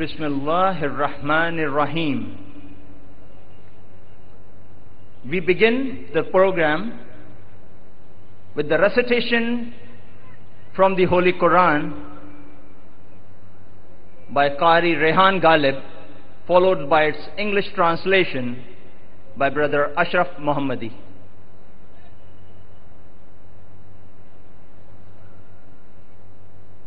ar-Rahman ar-Rahim. We begin the program with the recitation from the Holy Quran by Qari Rehan Ghalib followed by its English translation by Brother Ashraf Muhammadi.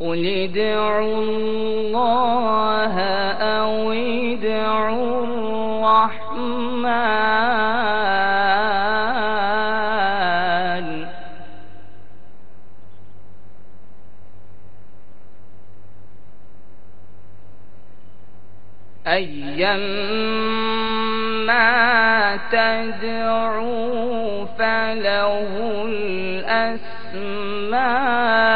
قل ادعوا الله أو ادعوا الرحمن أيما تدعوا فله الأسماء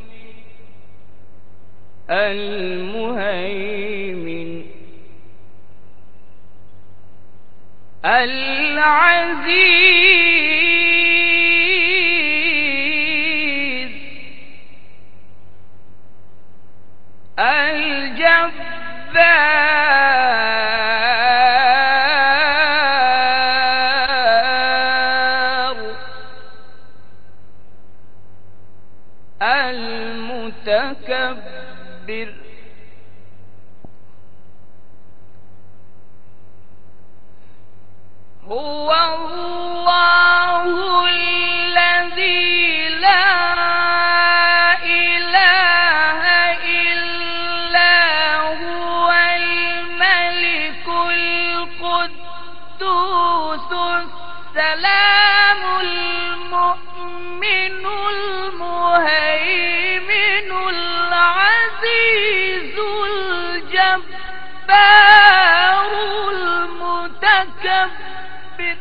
المهيمن العزيز الجبار المتكبر فكبر هو الله الذي لا إله إلا هو الملك القدوس السلام وكبر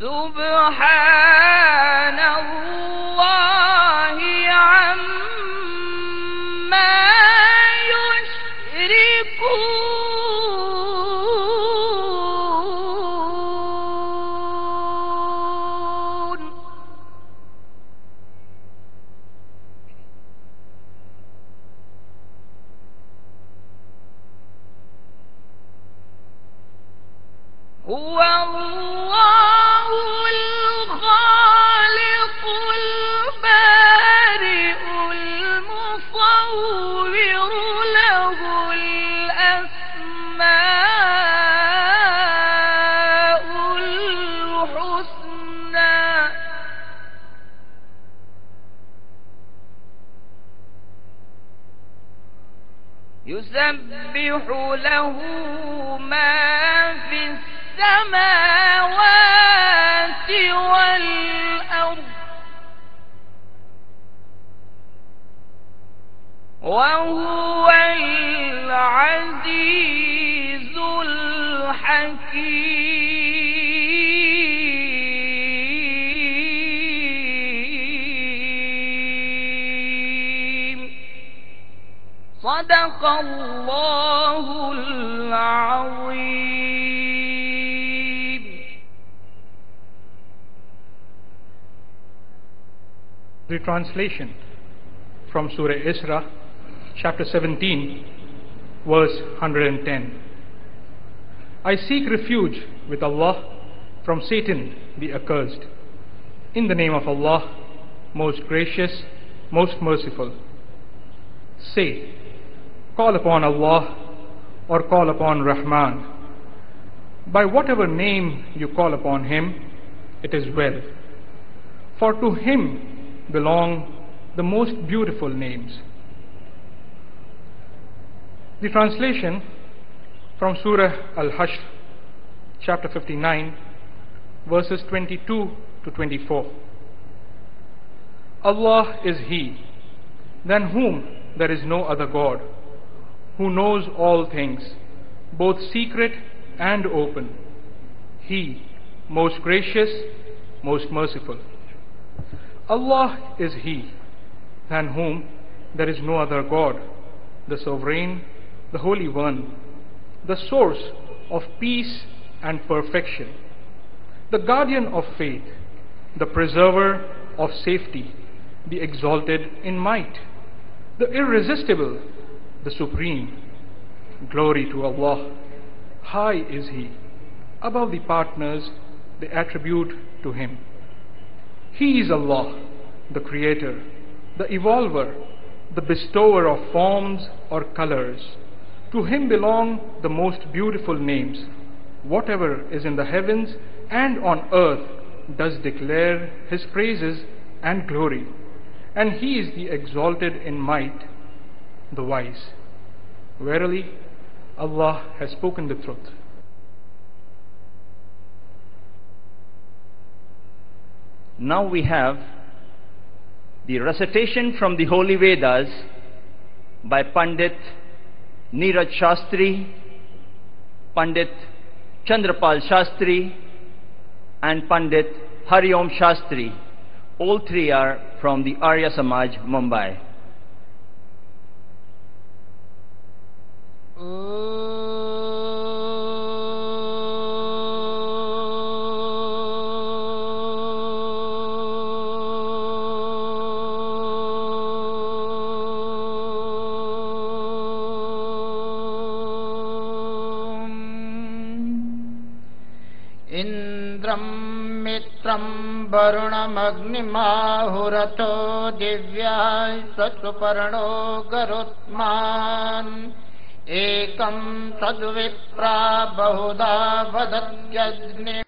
سبحان الله عما يشركون هو الله الخالق البارئ المصور له الأسماء الحسنى يسبح له ما في السماء السماوات والأرض وهو العزيز الحكيم صدق الله العظيم the translation from Surah Isra, chapter 17, verse 110. I seek refuge with Allah from Satan the accursed. In the name of Allah, most gracious, most merciful. Say, call upon Allah or call upon Rahman. By whatever name you call upon Him, it is well. For to Him belong the most beautiful names. The translation from Surah Al Hashr, chapter 59, verses 22 to 24. Allah is He, than whom there is no other God, who knows all things, both secret and open. He, most gracious, most merciful. Allah is He, than whom there is no other God, the Sovereign, the Holy One, the source of peace and perfection, the guardian of faith, the preserver of safety, the exalted in might, the irresistible, the supreme. Glory to Allah. High is He, above the partners, they attribute to Him. He is Allah, the Creator, the Evolver, the Bestower of forms or colors. To Him belong the most beautiful names. Whatever is in the heavens and on earth does declare His praises and glory. And He is the exalted in might, the wise. Verily, Allah has spoken the truth. Now we have the recitation from the Holy Vedas by Pandit Neeraj Shastri, Pandit Chandrapal Shastri, and Pandit Hariom Shastri. All three are from the Arya Samaj, Mumbai. इन्द्रम् मित्रम् वरुणमग्निमाहुरतो दिव्या स्वसुपर्णो गरुत्मान् एकम् तद्विप्रा बहुधा वदत्यग्नि